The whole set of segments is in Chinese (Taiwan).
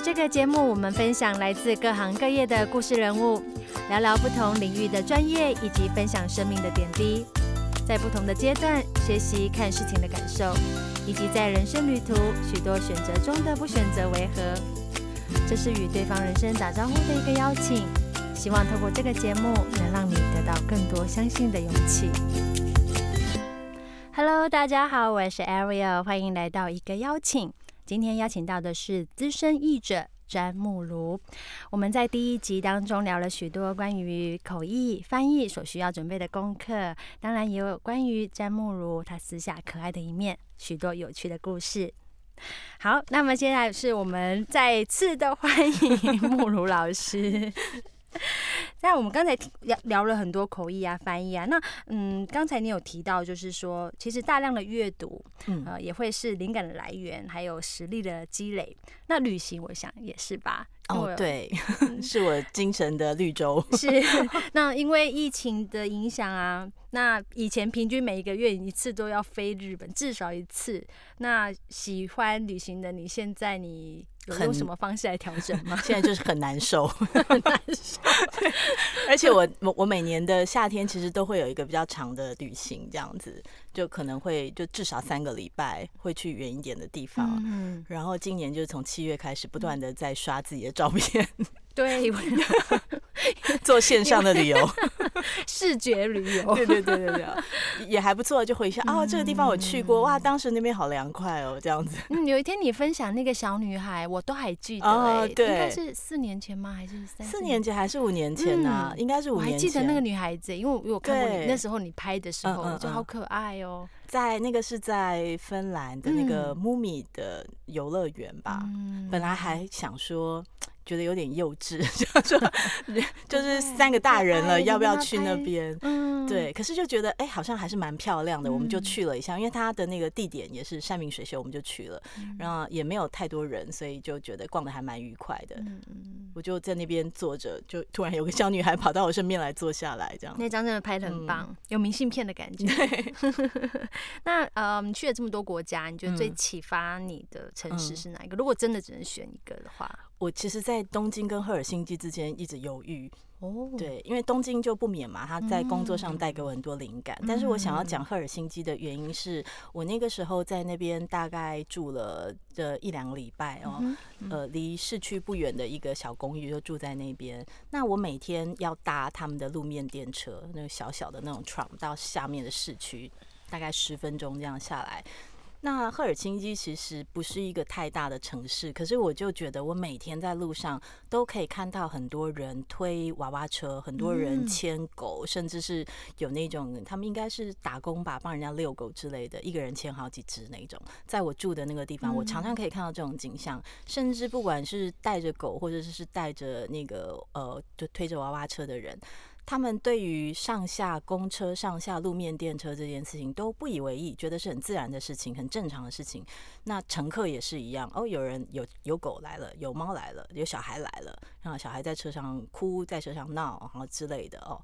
在這個節目，我們分享來自各行各業的故事人物，聊聊不同領域的專業，以及分享生命的點滴，在不同的階段學習看事情的感受，以及在人生旅途許多選擇中的不選擇為何？這是與對方人生打招呼的一個邀請。希望透過這個節目，能讓你得到更多相信的勇氣。Hello，大家好，我是 Ariel，歡迎來到一個邀請。今天邀請到的是資深譯者詹慕如。我們在第一集當中聊了許多關於口譯翻譯所需要準備的功課，當然也有關於詹慕如他私下可愛的一面，許多有趣的故事。好，那麼接下來是我們再次的歡迎 慕如老師。 那我們剛才聊聊了很多口譯啊、翻譯啊。那嗯，剛才你有提到，就是說，其實大量的閱讀、嗯，呃，也會是靈感的來源，還有實力的積累。那旅行，我想也是吧。哦，對、嗯，是我精神的綠洲。是。那因為疫情的影響啊， 那以前平均每一個月一次都要飛日本，至少一次。那喜歡旅行的你，現在你？有用什麼方式來調整嗎？現在就是很難受， 很難受。 而且我我每年的夏天其實都會有一個比較長的旅行，這樣子就可能會就至少三個禮拜會去遠一點的地方。嗯，然後今年就從七月開始不斷的在刷自己的照片。對。 做線上的旅遊，視覺旅遊，對對對對 對，對，對 也還不錯。就回想啊，這個地方我去過哇，當時那邊好涼快哦，這樣子。嗯，有一天你分享那個小女孩，我都還記得、欸。哦，對，應該是四年前嗎？還是三四，年四年前還是五年前呢、啊嗯？應該是五年前。我還記得那個女孩子、欸，因為我看過你那時候你拍的時候，我覺得好可愛哦。在那個是在芬蘭的那個 Mumi 的遊樂園吧嗯？嗯，本來還想說。我覺得有點幼稚， 就是三個大人了，要不要去那邊？嗯，對。可是就覺得哎、欸，好像還是蠻漂亮的，嗯，我們就去了一下。因為它的那個地點也是山明水秀，我們就去了。然後也沒有太多人，所以就覺得逛的還蠻愉快的，嗯。我就在那邊坐着，就突然有個小女孩跑到我身邊來坐下來，這樣。那張真的拍得很棒，嗯，有明信片的感覺。對。 那呃，去了這麼多國家，你覺得最啟發你的城市是哪一個，嗯？如果真的只能選一個的話？我其實，在東京跟赫爾辛基之間一直猶豫哦，oh. 對，因為東京就不免嘛，他在工作上帶給我很多靈感。Mm -hmm. 但是我想要講赫爾辛基的原因是，mm -hmm. 我那個時候在那邊大概住了這一兩個禮拜哦，mm -hmm. 呃，離市區不遠的一個小公寓，就住在那邊。那我每天要搭他們的路面電車，那個小小的那種車，到下面的市區，大概十分鐘這樣下來。那赫爾辛基其實不是一個太大的城市，可是我就覺得我每天在路上都可以看到很多人推娃娃車，很多人牽狗、嗯，甚至是有那種他們應該是打工吧，幫人家遛狗之類的，一個人牽好幾隻那種。在我住的那個地方，我常常可以看到這種景象，甚至不管是帶着狗，或者是是帶着那個呃，就推着娃娃車的人。他們對於上下公車、上下路面電車這件事情都不以為意，覺得是很自然的事情，很正常的事情。那乘客也是一樣哦，有人有有狗來了，有貓來了，有小孩來了，然後小孩在車上哭，在車上鬧，然後之類的哦。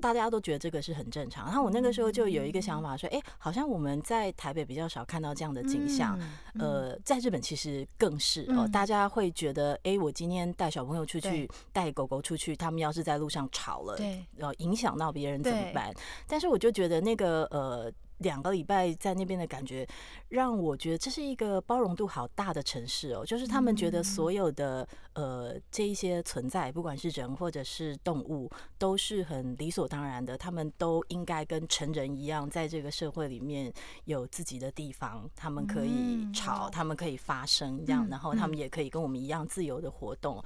大家都覺得這個是很正常，然後我那個時候就有一個想法說，哎、嗯欸，好像我們在台北比較少看到這樣的景象，嗯、呃，在日本其實更是哦、嗯呃，大家會覺得，哎、欸，我今天帶小朋友出去，帶狗狗出去，他們要是在路上吵了，對，然後、呃、影響到別人怎麼辦？但是我就覺得那個呃。兩個禮拜在那邊的感覺，讓我覺得這是一個包容度好大的城市哦。就是他們覺得所有的、嗯、呃這一些存在，不管是人或者是動物，都是很理所當然的。他們都應該跟成人一樣，在這個社會裡面有自己的地方，他們可以吵，嗯、他們可以發聲，這樣、嗯，然後他們也可以跟我們一樣自由的活動。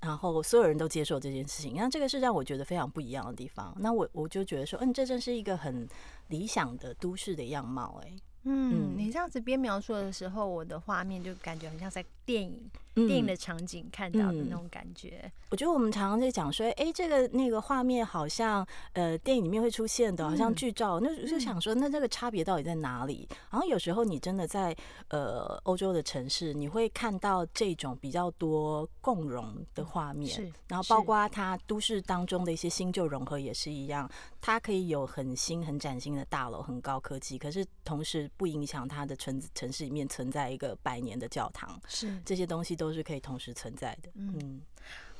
嗯、然後所有人都接受這件事情，那這個是讓我覺得非常不一樣的地方。那我我就覺得說，嗯，這真是一個很理想的都市的樣貌，哎，嗯，你這樣子邊描述的時候，我的畫面就感覺很像在電影。電影的場景看到的那種感覺，嗯嗯，我覺得我們常常在講說，哎、欸，這個那個畫面好像，呃，電影裡面會出現的，好像劇照，就、嗯、就想說，那這個差別到底在哪裡？好像有時候你真的在呃歐洲的城市，你會看到這種比較多共融的畫面，是，然後包括它都市當中的一些新舊融合也是一樣，它可以有很新、很嶄新的大樓、很高科技，可是同時不影響它的城城市裡面存在一個百年的教堂，是，這些東西都。都是可以同時存在的嗯。嗯，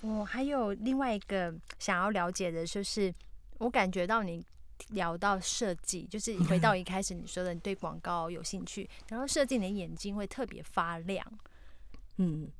我還有另外一個想要了解的，就是我感覺到你聊到設計，就是回到一開始你說的，你對廣告有興趣， 然後設計你的眼睛會特別發亮。嗯，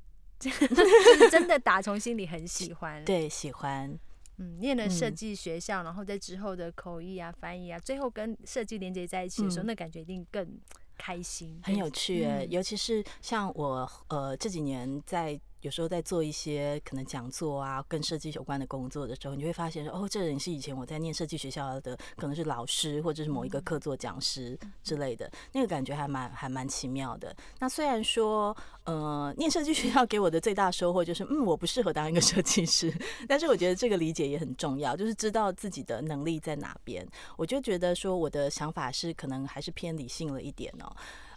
真的打從心裡很喜歡， 對，喜歡。嗯，念了設計學校，然後在之後的口譯啊、翻譯啊，最後跟設計連接在一起的時候，嗯、那感覺一定更。開心，很有趣，欸，尤其是像我，嗯、呃，這幾年在。有時候在做一些可能講座啊，跟設計有關的工作的時候，你會發現說，哦，這人是以前我在念設計學校的，可能是老師或者是某一個課做講師之類的，那個感覺還蠻還蠻奇妙的。那雖然說，呃，念設計學校給我的最大收穫就是，嗯，我不適合當一個設計師，但是我覺得這個理解也很重要，就是知道自己的能力在哪邊。我就覺得說，我的想法是可能還是偏理性了一點哦。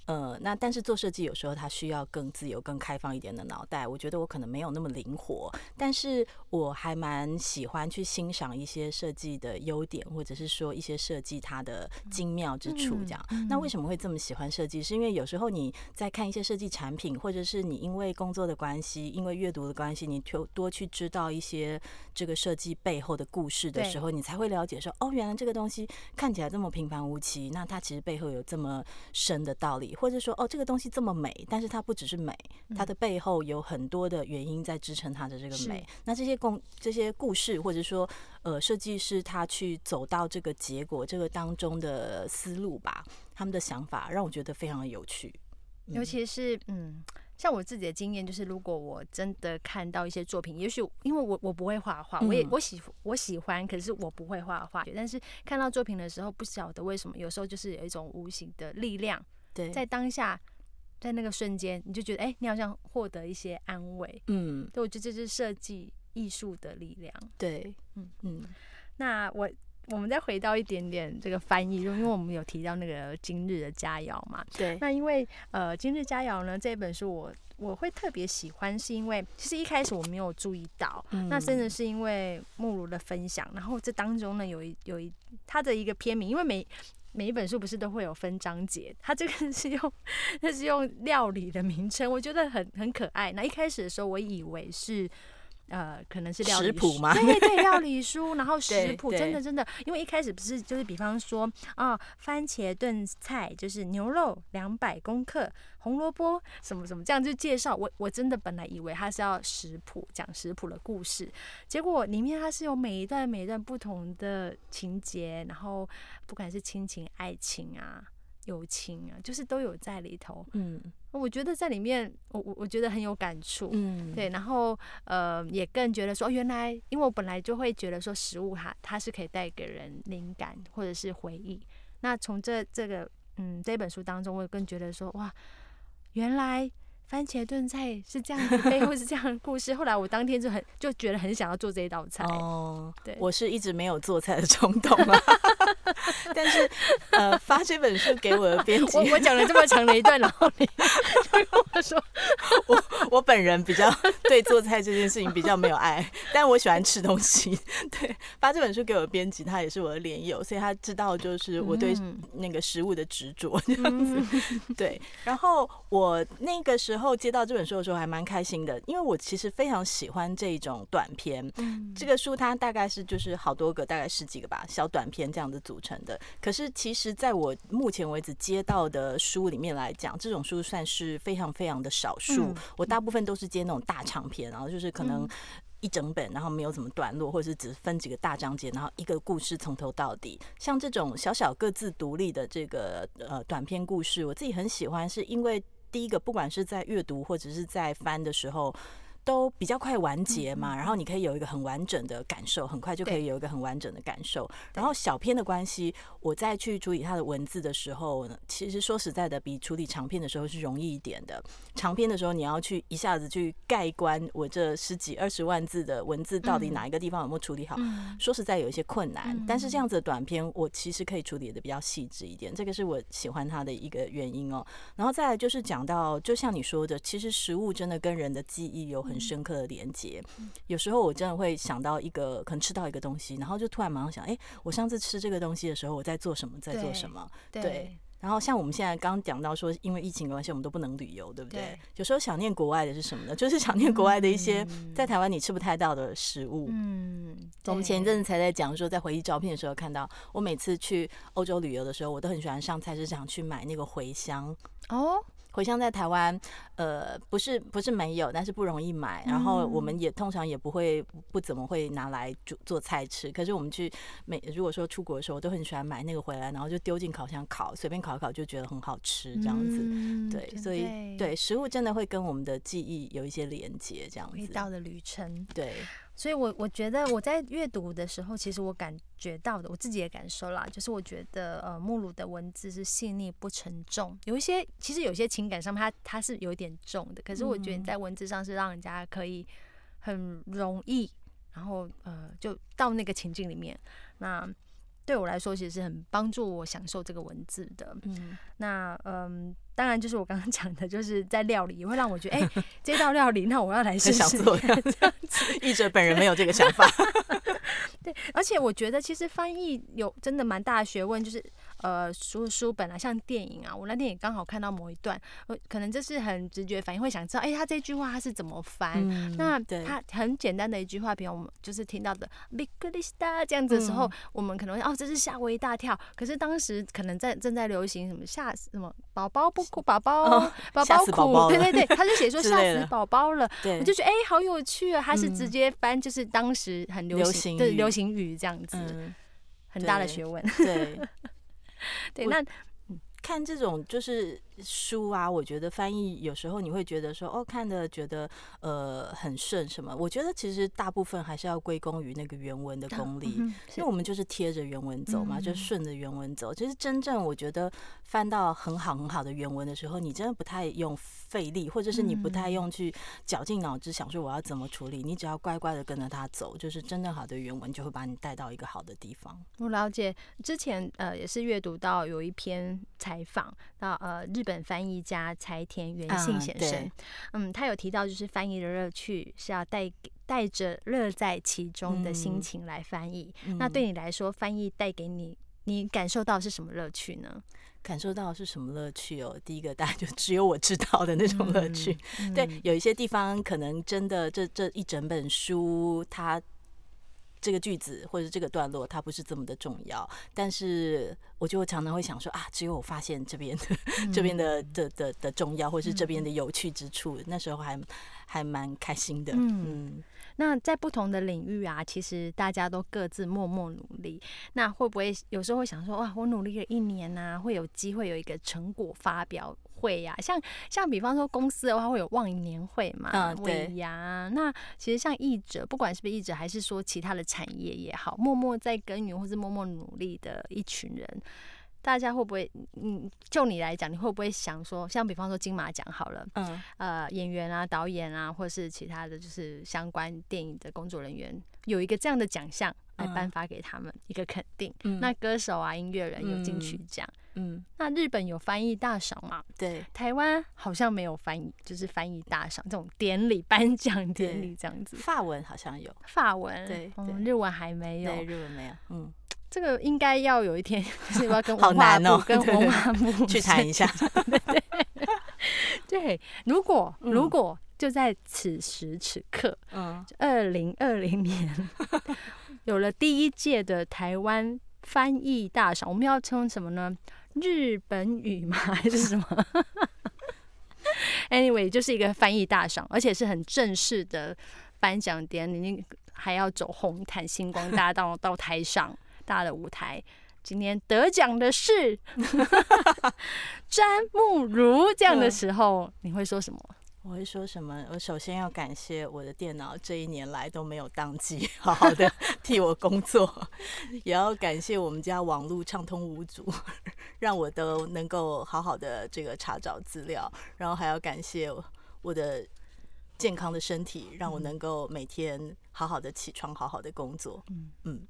呃，那但是做設計有時候它需要更自由、更開放一點的腦袋。我覺得我可能沒有那麼靈活，但是我還蠻喜歡去欣賞一些設計的優點，或者是說一些設計它的精妙之處。這樣、嗯嗯嗯，那為什麼會這麼喜歡設計？是因為有時候你在看一些設計產品，或者是你因為工作的關係、因為閱讀的關係，你多去知道一些這個設計背後的故事的時候，你才會了解說，哦，原來這個東西看起來這麼平凡無奇，那它其實背後有這麼深的道理。或者說哦，這個東西這麼美，但是它不只是美，它的背後有很多的原因在支撐它的這個美。那這些故這些故事，或者說呃，設計師他去走到這個結果這個當中的思路吧，他們的想法讓我覺得非常的有趣。尤其是嗯，像我自己的經驗就是，如果我真的看到一些作品，也許因為我我不會畫畫，我也我喜我喜歡，可是我不會畫畫。但是看到作品的時候，不曉得為什麼，有時候就是有一種無形的力量。對在當下，在那個瞬間，你就覺得，哎、欸，你好像獲得一些安慰。嗯，對，我覺得這是設計藝術的力量。對，嗯嗯。那我，我們再回到一點點這個翻譯，中，因為我們有提到那個《今日的佳肴》嘛。對。那因為呃，《今日佳肴》呢，這本書我我會特別喜歡，是因為其實一開始我沒有注意到，嗯、那甚至是因為慕如的分享，然後這當中呢有一有一它的一個篇名，因為每。每一本書不是都會有分章節，它這個是用，它是用料理的名稱，我覺得很很可愛。那一開始的時候，我以為是。呃，可能是料理書。食譜嗎？對對、對，料理書， 然後食譜真的真的，因為一開始不是就是比方說啊，番茄燉菜就是牛肉兩百公克，紅蘿蔔什麼什麼，這樣就介紹。我我真的本來以為他是要食譜，講食譜的故事，結果裡面它是有每一段每一段不同的情節，然後不管是親情、愛情啊。友情啊，就是都有在裡頭。嗯，我覺得在裡面，我我我覺得很有感觸。嗯，對，然後呃，也更覺得說，哦，原來因為我本來就會覺得說，食物哈，它是可以帶給人靈感或者是回憶。那從這這個嗯這本書當中，我也更覺得說，哇，原來番茄燉菜是這樣子杯，背 後是這樣的故事。後來我當天就很就覺得很想要做這一道菜。哦，對，我是一直沒有做菜的衝動啊。 但是，呃，發這本書給我的編輯， 我講了這麼長的一段裡，然後他就跟我說 我，我我本人比較對做菜這件事情比較沒有愛，但我喜歡吃東西。對，發這本書給我的編輯，他也是我的臉友，所以他知道就是我對那個食物的執着這樣子。對，然後我那個時候接到這本書的時候還蠻開心的，因為我其實非常喜歡這一種短篇，嗯。這個書它大概是就是好多個，大概十幾個吧，小短篇這樣的組織。成的，可是其實在我目前為止接到的書裡面來講，這種書算是非常非常的少數、嗯。我大部分都是接那種大長篇，然後就是可能一整本，然後沒有怎麼段落，或者是只分幾個大章節，然後一個故事從頭到底。像這種小小各自獨立的這個呃短篇故事，我自己很喜歡，是因為第一個，不管是在閱讀或者是在翻的時候。都比較快完結嘛，然後你可以有一個很完整的感受，很快就可以有一個很完整的感受。然後小篇的關係，我再去處理它的文字的時候呢，其實說實在的，比處理長篇的時候是容易一點的。長篇的時候，你要去一下子去概觀我這十幾二十萬字的文字到底哪一個地方有沒有處理好，說實在有一些困難。但是這樣子的短篇，我其實可以處理得比較細緻一點，這個是我喜歡它的一個原因哦、喔。然後再來就是講到，就像你說的，其實食物真的跟人的記憶有很。很深刻的連接，有時候我真的會想到一個，可能吃到一個東西，然後就突然馬上想，哎、欸，我上次吃這個東西的時候，我在做什麼，在做什麼？對。對然後像我們現在剛講到說，因為疫情關係，我們都不能旅遊，對不對，對？有時候想念國外的是什麼呢？就是想念國外的一些在台灣你吃不太到的食物。嗯，我們前陣子才在講說，在回憶照片的時候看到，我每次去歐洲旅遊的時候，我都很喜歡上菜市場去買那個茴香。哦。茴香在台灣，呃，不是不是沒有，但是不容易買。然後我們也通常也不會不怎麼會拿來煮做菜吃。可是我們去每如果說出國的時候，都很喜歡買那個回來，然後就丟進烤箱烤，隨便烤一烤就覺得很好吃這樣子。嗯、對，所以對食物真的會跟我們的記憶有一些連結這樣子。味道的旅程，對。所以我，我我覺得我在閱讀的時候，其實我感覺到的，我自己也感受啦，就是我覺得，呃，木魯的文字是細膩不沉重，有一些其實有些情感上它它是有點重的，可是我覺得你在文字上是讓人家可以很容易，然後呃，就到那個情境裡面，那。對我來說，其實是很幫助我享受這個文字的。嗯，那嗯，當然就是我剛剛講的，就是在料理也會讓我覺得，哎、欸， 這道料理，那我要來試試看這樣子。譯者 本人沒有這個想法。 對，而且我覺得其實翻譯有真的蠻大的學問，就是。呃，書書本來、啊、像電影啊，我那天也剛好看到某一段，我、呃、可能就是很直覺反應，會想知道，哎、欸，他這句話他是怎麼翻？嗯、那他很簡單的一句話，比如我們就是聽到的びっくりした這樣子的時候，嗯、我們可能會哦，這是嚇我一大跳。可是當時可能在正在流行什麼嚇什麼寶寶不哭，寶寶寶寶哭，對對對，他就寫說嚇死寶寶了。我就覺得哎、欸，好有趣啊、哦，他是直接翻，就是當時很流行對、嗯、流行語這樣子、嗯，很大的學問。對。 對，那看這種就是，書啊，我覺得翻譯有時候你會覺得說哦，看得覺得呃很順什麼，我覺得其實大部分還是要歸功於那個原文的功力，嗯、因為我們就是貼着原文走嘛，嗯、就順着原文走。其實真正我覺得翻到很好很好的原文的時候，你真的不太用費力，或者是你不太用去絞盡腦汁想說我要怎麼處理，嗯、你只要乖乖的跟着他走，就是真正好的原文就會把你帶到一個好的地方。我了解之前呃也是閱讀到有一篇採訪，那呃日本。本翻譯家柴田元幸先生、啊，嗯，他有提到，就是翻譯的樂趣是要帶帶着樂在其中的心情來翻譯，嗯嗯。那對你來說，翻譯帶給你，你感受到是什麼樂趣呢？感受到是什麼樂趣哦？第一個，大家就只有我知道的那種樂趣。嗯嗯、對，有一些地方可能真的這，這這一整本書它。這個句子或者這個段落，它不是這麼的重要，但是我就常常會想說啊，只有我發現這邊這邊的、嗯、的的的、的重要，或者是這邊的有趣之處，嗯、那時候還還蠻開心的嗯。嗯，那在不同的領域啊，其實大家都各自默默努力，那會不會有時候會想說哇，我努力了一年吶、啊，會有機會有一個成果發表？會呀、啊，像像比方說公司的話，會有忘年會嘛？嗯、對呀。那其實像譯者，不管是不是譯者，還是說其他的產業也好，默默在耕耘或是默默努力的一群人，大家會不會？嗯，就你來講，你會不會想說，像比方說金馬獎好了，嗯，呃，演員啊、導演啊，或是其他的就是相關電影的工作人員，有一個這樣的獎項。頒發給他們一個肯定。嗯、那歌手啊，音樂人有金曲獎，嗯，嗯，那日本有翻譯大賞嘛？對，台灣好像沒有翻譯，就是翻譯大賞這種典禮頒獎典禮這樣子。法文好像有。法文對、嗯、對，日文還沒有。對，日文沒有。嗯，這個應該要有一天、就是要跟文、哦、對對對跟文化部對對對去談一下。 對，對， 對，如果、嗯、如果就在此時此刻，嗯，二零二零年。有了第一屆的台灣翻譯大賞，我們要稱什麼呢？日本語嗎？還是什麼 ？Anyway，就是一個翻譯大賞，而且是很正式的頒獎典禮，你還要走紅毯、星光大道到到台上，大家的舞台。今天得獎的是 詹慕如，這樣的時候、嗯、你會說什麼？我會說什麼？我首先要感謝我的電腦這一年來都沒有當機，好好的替我工作； 也要感謝我們家網絡暢通無阻，讓我都能夠好好的這個查找資料；然後還要感謝我的健康的身體，讓我能夠每天好好的起床，好好的工作。嗯嗯，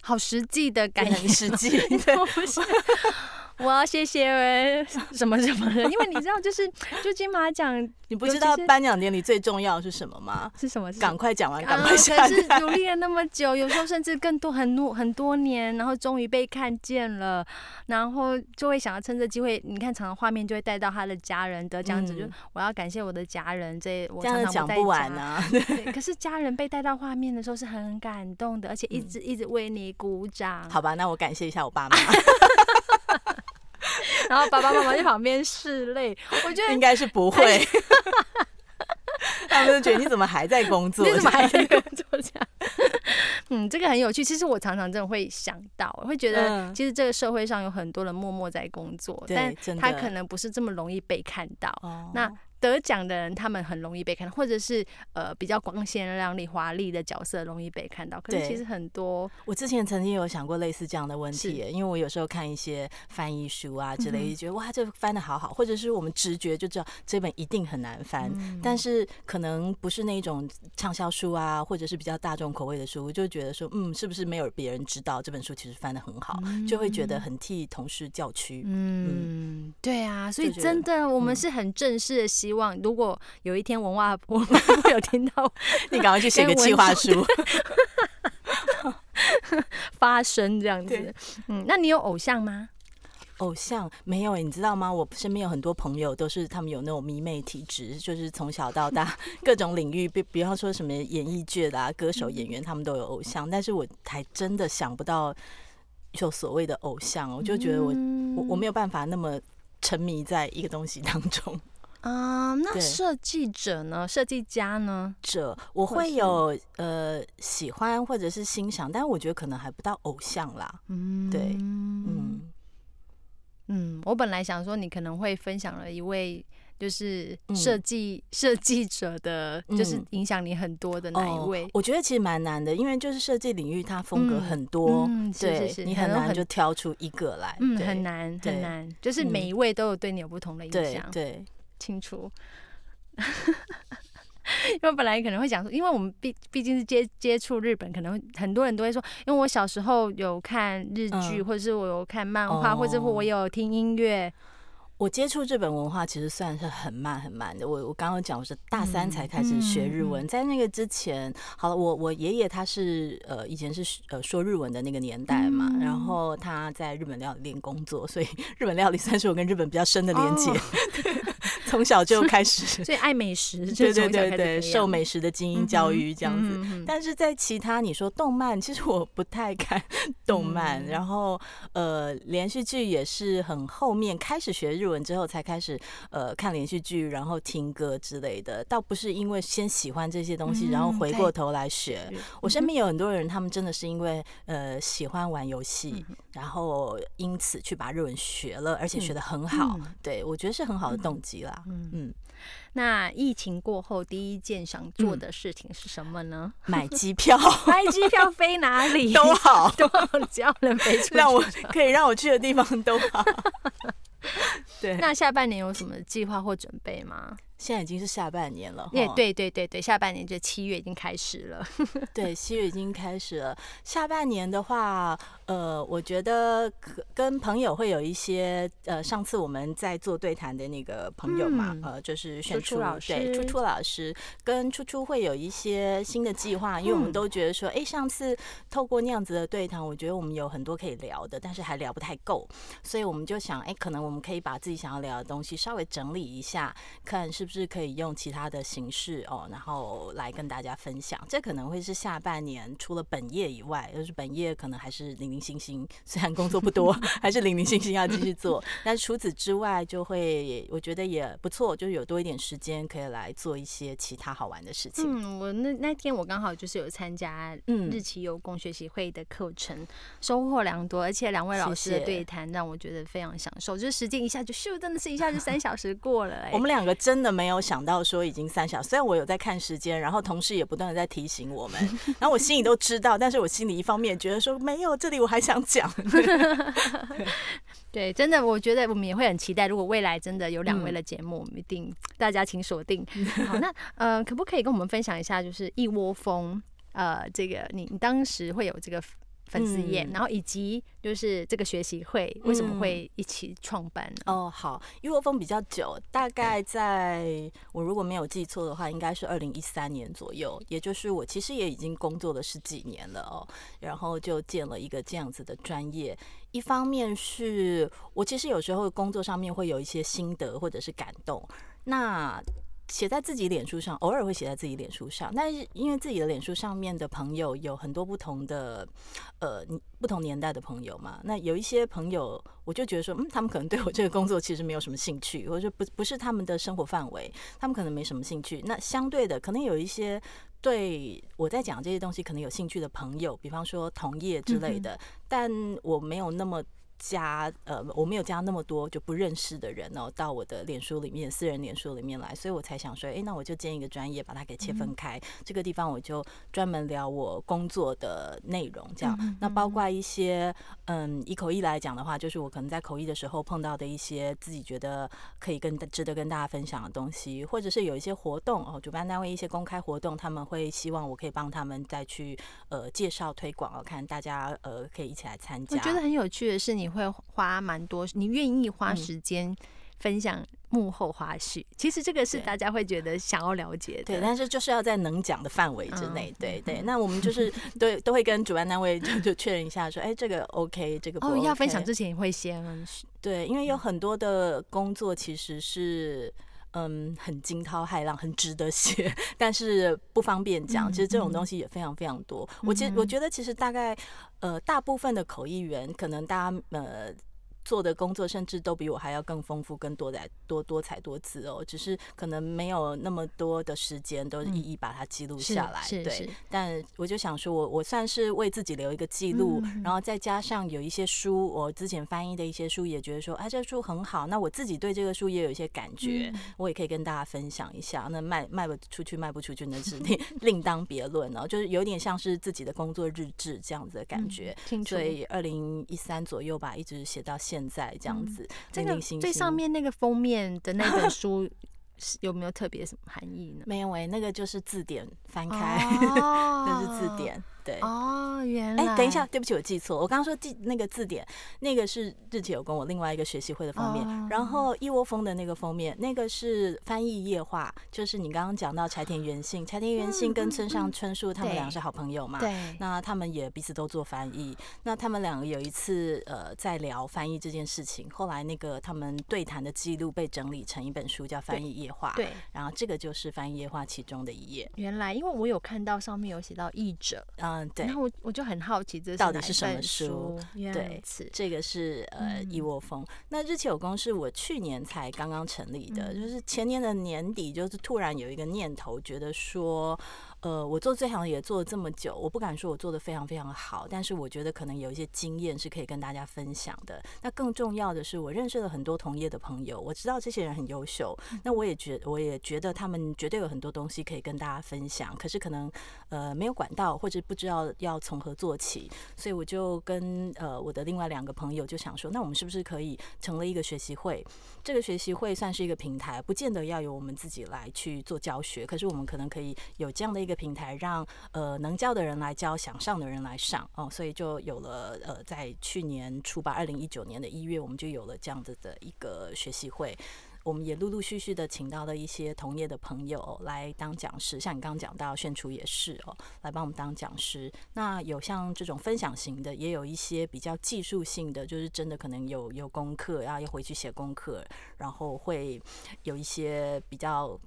好實際的感謝，實際。 不 我要謝謝、欸、什麼什麼的？因為你知道，就是就金馬獎， 你不知道頒獎典禮最重要的是什麼嗎？是什麼，是什麼？趕快講完，趕快講完，啊。可是努力了那麼久，有時候甚至更多，很努很多年，然後終於被看見了，然後就會想要趁着機會，你看常常畫面就會帶到他的家人的。得獎者就我要感謝我的家人，這我這樣講不完啊。對，可是家人被帶到畫面的時候是很感動的，而且一直一直為你鼓掌。好吧，那我感謝一下我爸媽。 然後爸爸媽媽在旁邊拭淚，我覺得應該是不會。哎、 他們就覺得你怎麼還在工作？你怎麼還在工作？這樣， 嗯，這個很有趣。其實我常常真的會想到，我會覺得其實這個社會上有很多人默默在工作，嗯、但他可能不是這麼容易被看到。那。得獎的人，他們很容易被看到，或者是呃比較光鮮亮麗、華麗的角色容易被看到。可是其實很多，我之前曾經有想過類似這樣的問題，因為我有時候看一些翻譯書啊之類的、嗯，覺得哇，這翻的好好，或者是我們直覺就知道這本一定很難翻，嗯、但是可能不是那種暢銷書啊，或者是比較大眾口味的書，我就覺得說，嗯，是不是沒有別人知道這本書其實翻的很好、嗯，就會覺得很替同事叫屈嗯。嗯，對啊，所以真的、嗯，我們是很正式的。希望如果有一天文化部會有聽到， 你趕快去寫個計劃書 ，對笑發聲這樣子。嗯，那你有偶像嗎？偶像沒有。欸，你知道嗎？我身邊有很多朋友都是他們有那種迷妹體質，就是從小到大各種領域， 比比方說什麼演藝界的、啊、歌手、演員，他們都有偶像。但是我還真的想不到有所謂的偶像，我就覺得我，嗯，我我沒有辦法那麼沉迷在一個東西當中。啊、uh，那設計者呢？設計家呢？者，我會有我呃喜歡或者是欣賞，但我覺得可能還不到偶像啦。嗯，對，嗯嗯，嗯，我本來想說你可能會分享了一位就是設計設計者的，就是影響你很多的那一位？嗯哦、我覺得其實蠻難的，因為就是設計領域它風格很多，嗯嗯、是是是對，你很難就挑出一個來。嗯，很難很難，就是每一位都有對你有不同的影響、嗯。對。對清楚， 因為本來可能會講說，因為我們畢畢竟是接接觸日本，可能很多人都會說，因為我小時候有看日劇、嗯，或者是我有看漫畫、哦，或者是我有聽音樂。我接觸日本文化其實算是很慢很慢的。我我剛剛講我是大三才開始學日文，嗯、在那個之前，好了，我我爺爺他是呃以前是呃說日文的那個年代嘛，嗯、然後他在日本料理店工作，所以日本料理算是我跟日本比較深的連接。哦 從小就開始， 最愛美食， 對對對對，受美食的精英教育這樣子。嗯、但是在其他，你說動漫、嗯，其實我不太看動漫，嗯、然後呃，連續劇也是很後面開始學日文之後才開始呃看連續劇，然後聽歌之類的，倒不是因為先喜歡這些東西，嗯、然後回過頭來學。嗯、我身邊有很多人，他們真的是因為呃喜歡玩遊戲、嗯，然後因此去把日文學了，而且學得很好。嗯、對，我覺得是很好的動機啦。嗯嗯嗯，那疫情過後第一件想做的事情是什麼呢？嗯、買機票， 買機票飛哪裡 都好 都好，只要能飛出，讓我可以讓我去的地方都好。 對，那下半年有什麼計劃或準備嗎？現在已經是下半年了，yeah，對對對對，下半年就七月已經開始了， 對，七月已經開始了。下半年的話，呃，我覺得跟朋友會有一些，呃，上次我們在做對談的那個朋友嘛，嗯、呃，就是選初老師，初初老師，初初老師跟初初會有一些新的計劃，因為我們都覺得說，哎、嗯，上次透過那樣子的對談，我覺得我們有很多可以聊的，但是還聊不太夠，所以我們就想，哎，可能我們可以把自己想要聊的東西稍微整理一下，看是不是。是可以用其他的形式哦，然後來跟大家分享。這可能會是下半年除了本業以外，就是本業可能還是零零星星，雖然工作不多， 還是零零星星要繼續做。 但是除此之外，就會我覺得也不錯，就是有多一點時間可以來做一些其他好玩的事情。嗯，我那那天我剛好就是有參加日起有功學習會的課程、嗯，收穫良多，而且兩位老師的對談謝謝讓我覺得非常享受。就是時間一下就咻，真的是一下就三小時過了、欸。 我們兩個真的。沒有想到說已經三小時，雖然我有在看時間，然後同事也不斷的在提醒我們，然後我心裡都知道， 但是我心裡一方面覺得說沒有這裡我還想講， 對，真的我覺得我們也會很期待，如果未來真的有兩位的節目，嗯、我們一定大家請鎖定。 好，那呃，可不可以跟我們分享一下，就是譯窩豐，呃，這個你你當時會有這個。粉絲頁、嗯，然後以及就是這個學習會為什麼會一起創辦、嗯？哦，好，因為我封比較久，大概在、嗯、我如果沒有記錯的話，應該是二零一三年左右，也就是我其實也已經工作了十幾年了哦，然後就建了一個這樣子的專業。一方面是我其實有時候工作上面會有一些心得或者是感動，那。寫在自己臉書上，偶爾會寫在自己臉書上。但是因為自己的臉書上面的朋友有很多不同的，呃，不同年代的朋友嘛。那有一些朋友，我就覺得說，嗯，他們可能對我這個工作其實沒有什麼興趣，或者說不不是他們的生活範圍，他們可能沒什麼興趣。那相對的，可能有一些對我在講這些東西可能有興趣的朋友，比方說同業之類的，嗯、但我沒有那麼。加呃我沒有加那麼多，就不認識的人哦到我的臉書裡面，私人臉書裡面來，所以我才想說，哎、欸、那我就建一個專業，把它給切分開、嗯、這個地方我就專門聊我工作的內容這樣。嗯嗯嗯嗯，那包括一些嗯，以口譯來講的話，就是我可能在口譯的時候碰到的一些自己覺得可以跟值得跟大家分享的東西，或者是有一些活動哦主辦單位一些公開活動，他們會希望我可以幫他們再去呃介紹推廣哦看大家呃可以一起來參加。我覺得很有趣的是你。你會花蠻多，你願意花時間分享幕後花絮、嗯？其實這個是大家會覺得想要了解的，對。但是就是要在能講的範圍之內，嗯、對，對對。那我們就是對 都會跟主辦單位就就確認一下說，說、欸、哎，這個 OK，這個不 OK，哦要分享之前也會先對，因為有很多的工作其實是。嗯，很驚濤駭浪，很值得寫，但是不方便講，嗯。其實這種東西也非常非常多。嗯，我其實我覺得，其實大概呃，大部分的口譯員，可能大家呃。做的工作甚至都比我還要更豐富、更多彩、多多彩多姿哦。只是可能沒有那麼多的時間，都一一把它記錄下來，嗯。對，但我就想說我，我我算是為自己留一個記錄，嗯，然後再加上有一些書，我之前翻譯的一些書，也覺得說，哎、啊，這個書很好。那我自己對這個書也有一些感覺，嗯、我也可以跟大家分享一下。那賣賣不出去、賣不出去，不出去，那是另另當別論。哦。就是有點像是自己的工作日誌這樣子的感覺。嗯、所以二零一三左右吧，一直寫到現現在這樣子、嗯，真、這、的、個、最上面那個封面的那本書有沒有特別什、嗯這個、什麼含義呢？沒有、欸、那個就是字典翻開，就、啊、是字典。對哦，原來哎、欸，等一下，對不起，我記錯，我剛剛說記那個字典，那個是日起有功我另外一個學習會的封面、哦，然後譯窩豐的那個封面，那個是翻譯夜話，就是你剛剛講到柴田元信、啊，柴田元信跟村上春樹他們兩個是好朋友嘛，嗯嗯、對，那他們也彼此都做翻譯，那他們兩個有一次呃在聊翻譯這件事情，後來那個他們對談的記錄被整理成一本書叫翻譯夜話，對，然後這個就是翻譯夜話其中的一頁，原來因為我有看到上面有寫到譯者啊。嗯嗯，對，然後我我就很好奇這，這到底是什麼書？Yeah, 對，這個是呃、嗯、譯窩豐。那日起有功是我去年才剛剛成立的，嗯，就是前年的年底，就是突然有一個念頭，覺得說，呃，我做這行也做了這麼久，我不敢說我做得非常非常好，但是我覺得可能有一些經驗是可以跟大家分享的。那更重要的是，我認識了很多同業的朋友，我知道這些人很優秀，那我也覺得我也覺得他們絕對有很多東西可以跟大家分享。可是可能呃沒有管道，或者不知道要從何做起，所以我就跟呃我的另外兩個朋友就想說，那我們是不是可以成立一個學習會？這個學習會算是一個平台，不見得要由我們自己來去做教學，可是我們可能可以有這樣的。一個平台讓，讓呃能教的人來教，想上的人來上哦，所以就有了呃，在去年初吧，二零一九年的一月，我們就有了這樣子的一個學習會。我們也陸陸續續的請到了一些同業的朋友來當講師，像你剛剛講到炫廚也是哦，來幫我們當講師。那有像這種分享型的，也有一些比較技術性的，就是真的可能有有功課，然後要回去寫功課，然後會有一些比較。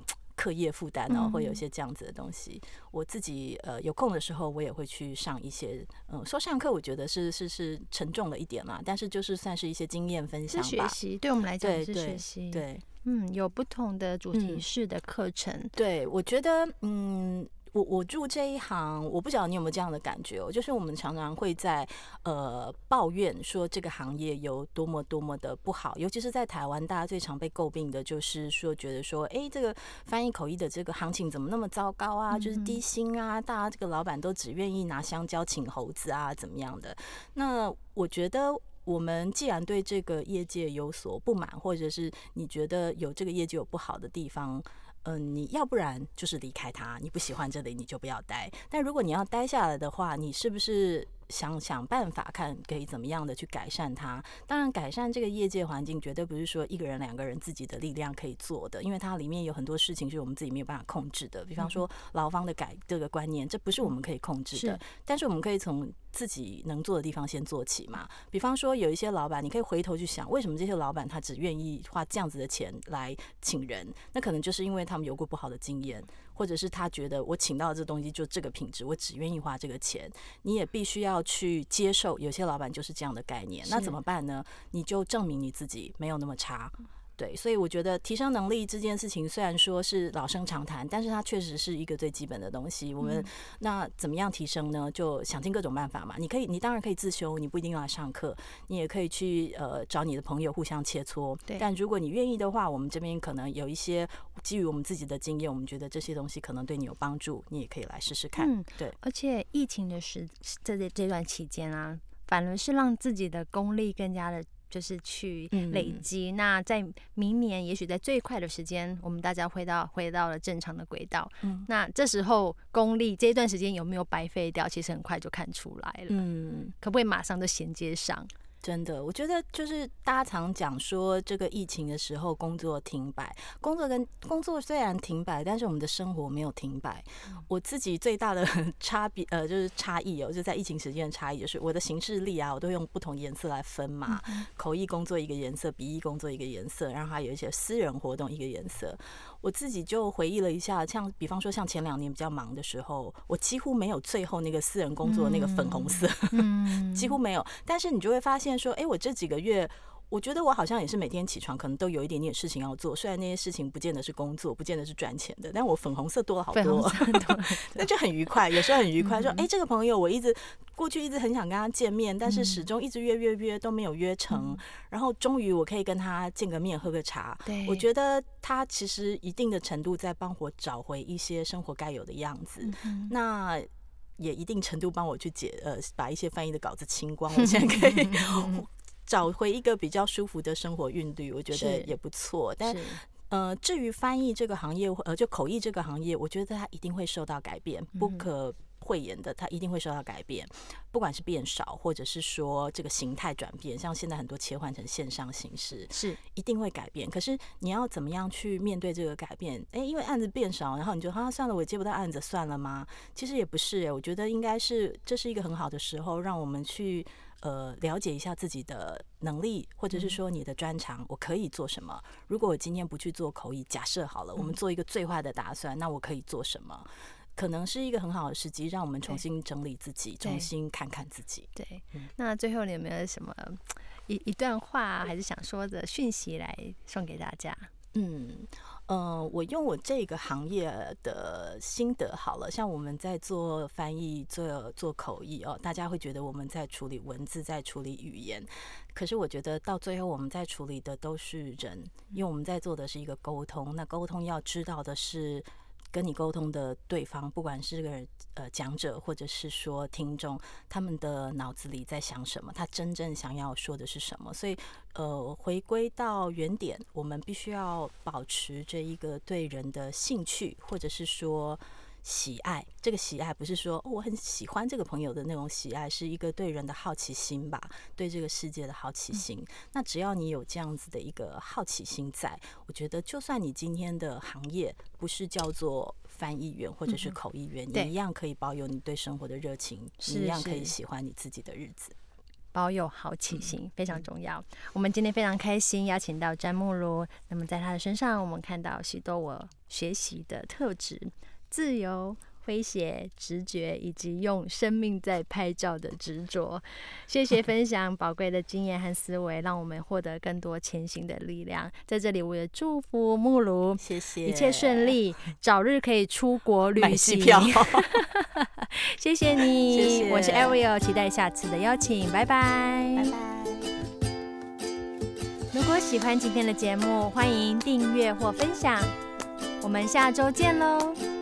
課業負擔，然後會有一些這樣子的東西。嗯、我自己呃有空的時候，我也會去上一些嗯，說上課我覺得是是是沉重了一點嘛，但是就是算是一些經驗分享吧。學習對我們來講是學習，對，嗯，有不同的主題式的課程、嗯。對，我覺得嗯。我我入這一行，我不曉得你有沒有這樣的感覺哦，就是我們常常會在呃抱怨說，這個行業有多麼多麼的不好，尤其是在台灣，大家最常被詬病的就是說，覺得說，誒、欸、這個翻譯口譯的這個行情怎麼那麼糟糕啊？就是低薪啊，嗯、大家這個老闆都只願意拿香蕉請猴子啊，怎麼樣的？那我覺得，我們既然對這個業界有所不滿，或者是你覺得有這個業界有不好的地方。嗯、呃，你要不然就是離開他，你不喜歡這裡你就不要待。但如果你要待下來的話，你是不是想想辦法看可以怎麼樣的去改善它？當然，改善這個業界環境絕對不是說一個人、兩個人自己的力量可以做的，因為它裡面有很多事情是我們自己沒有辦法控制的。比方說，勞方的改這個觀念、嗯，這不是我們可以控制的。是。但是我們可以從。自己能做的地方先做起嘛，比方說有一些老闆，你可以回頭去想，為什麼這些老闆他只願意花這樣子的錢來請人？那可能就是因為他們有過不好的經驗，或者是他覺得我請到這東西就這個品質，我只願意花這個錢。你也必須要去接受，有些老闆就是這樣的概念。那怎麼辦呢？你就證明你自己沒有那麼差。對，所以我覺得提升能力這件事情雖然說是老生常談，但是它確實是一個最基本的東西。嗯，我們那怎麼樣提升呢？就想盡各種辦法嘛。你可以，你當然可以自修，你不一定要來上課，你也可以去呃找你的朋友互相切磋。對。但如果你願意的話，我們這邊可能有一些基於我們自己的經驗，我們覺得這些東西可能對你有幫助，你也可以來試試看。嗯，對。而且疫情的時這這、這段期間啊，反而是讓自己的功力更加的。就是去累積，嗯，那在明年，也許在最快的時間，我們大家回到回到了正常的軌道，嗯。那這時候，功力這一段時間有沒有白費掉？其實很快就看出來了。嗯，可不可以馬上就銜接上？真的，我覺得就是大家常講說，這個疫情的時候工作停擺，工作跟工作雖然停擺，但是我們的生活沒有停擺。我自己最大的差別呃，就是差異哦、喔，就在疫情時間的差異，就是我的行事曆啊，我都用不同顏色來分嘛。口譯工作一個顏色，筆譯工作一個顏色，然後還有一些私人活動一個顏色。我自己就回憶了一下，像比方說像前兩年比較忙的時候，我幾乎沒有最後那個私人工作那個粉紅色，嗯、 幾乎沒有。但是你就會發現說，哎、欸，我這幾個月，我覺得我好像也是每天起床可能都有一點點事情要做，雖然那些事情不見得是工作，不見得是賺錢的，但我粉紅色多了好多了，對對對 那就很愉快，有時候很愉快，說，哎、欸，這個朋友我一直。過去一直很想跟他見面，但是始終一直約約約、嗯、都沒有約成、嗯。然後終於我可以跟他見個面，喝個茶。我覺得他其實一定的程度在幫我找回一些生活該有的樣子，嗯、那也一定程度幫我去解呃，把一些翻譯的稿子清光。嗯、我現在可以、嗯、找回一個比較舒服的生活韻律，我覺得也不錯。是但是呃，至於翻譯這個行業，呃，就口譯這個行業，我覺得他一定會受到改變，嗯、不可。會演的，它一定會受到改變，不管是變少，或者是說這個形態轉變，像現在很多切換成線上形式，是一定會改變。可是你要怎麼樣去面對這個改變？哎、欸，因為案子變少，然後你就啊算了，我接不到案子算了嗎？其實也不是、欸，我覺得應該是這是一個很好的時候，讓我們去呃了解一下自己的能力，或者是說你的專長、嗯，我可以做什麼？如果我今天不去做口譯，假設好了，我們做一個最壞的打算、嗯，那我可以做什麼？可能是一個很好的時機，讓我們重新整理自己，重新看看自己。對，嗯、對，那最後你有沒有什麼一一段話，還是想說的訊息來送給大家？嗯，呃，我用我這個行業的心得好了。像我們在做翻譯、做做口譯哦，大家會覺得我們在處理文字，在處理語言。可是我覺得到最後我們在處理的都是人，因為我們在做的是一個溝通。那溝通要知道的是。跟你溝通的對方，不管是個人呃講者或者是說聽眾，他們的腦子裡在想什麼，他真正想要說的是什麼。所以，呃，回歸到原點，我們必須要保持這一個對人的興趣，或者是說。喜愛這個喜愛，不是說、哦、我很喜歡這個朋友的那種喜愛，是一個對人的好奇心吧，對這個世界的好奇心。嗯、那只要你有這樣子的一個好奇心在，我覺得就算你今天的行業不是叫做翻譯員或者是口譯員、嗯，你一樣可以保有你對生活的熱情，嗯、你一樣可以保有你對生活的熱情、是，是你一樣可以喜歡你自己的日子。保有好奇心、嗯、非常重要、嗯。我們今天非常開心邀請到詹慕如，那麼在他的身上，我們看到許多我學習的特質。.自由、詼諧、直覺，以及用生命在拍照的執着。謝謝分享寶貴的經驗和思維，讓我們獲得更多前行的力量。在這裡，我也祝福慕如，謝謝，一切順利，早日可以出國旅行。 謝謝你謝謝，我是 Ariel，期待下次的邀請，拜拜，拜拜。如果喜歡今天的節目，歡迎訂閱或分享。我們下周見嘍！